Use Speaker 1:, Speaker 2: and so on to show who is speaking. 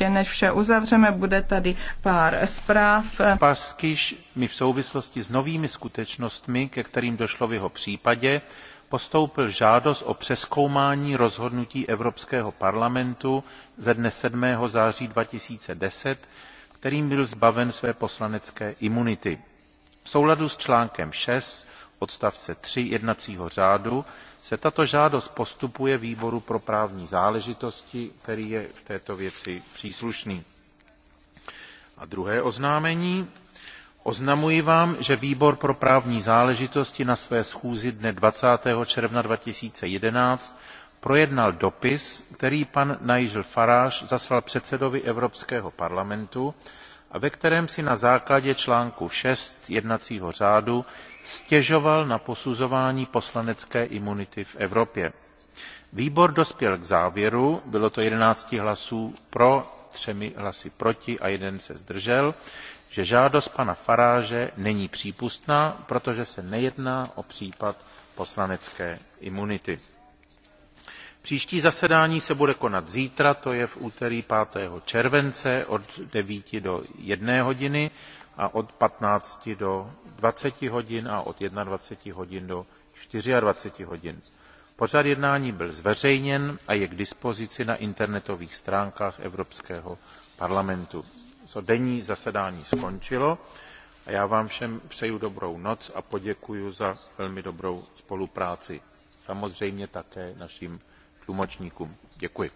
Speaker 1: Ještě než vše uzavřeme, bude tady pár zpráv. Paskyš mi v souvislosti s novými skutečnostmi, ke kterým došlo v jeho případě, postoupil žádost o přeskoumání rozhodnutí Evropského parlamentu ze dne 7. září 2010, kterým byl zbaven své poslanecké imunity. V souladu s článkem 6 odstavce three jednacího řádu se tato žádost postupuje výboru pro právní záležitosti, který je v této věci příslušný. A druhé oznámení. Oznamuji vám, že výbor pro právní záležitosti na své schůzi dne 20. června 2011 projednal dopis, který pan Nigel Farage zaslal předsedovi Evropského parlamentu a ve kterém si na základě článku 6 jednacího řádu stěžoval na posuzování poslanecké imunity v Evropě. Výbor dospěl k závěru, bylo to 11 hlasů pro, třemi hlasy proti a jeden se zdržel, že žádost pana Faráže není přípustná, protože se nejedná o případ poslanecké imunity. Příští zasedání se bude konat zítra, to je v úterý 5. července od 9 do 1 hodiny a od 15 do 20 hodin a od 21 hodin do 24 hodin. Pořad jednání byl zveřejněn a je k dispozici na internetových stránkách Evropského parlamentu. Co denní zasedání skončilo a já vám všem přeju dobrou noc a poděkuji za velmi dobrou spolupráci. Samozřejmě také našim tlumočníkům. děkuji.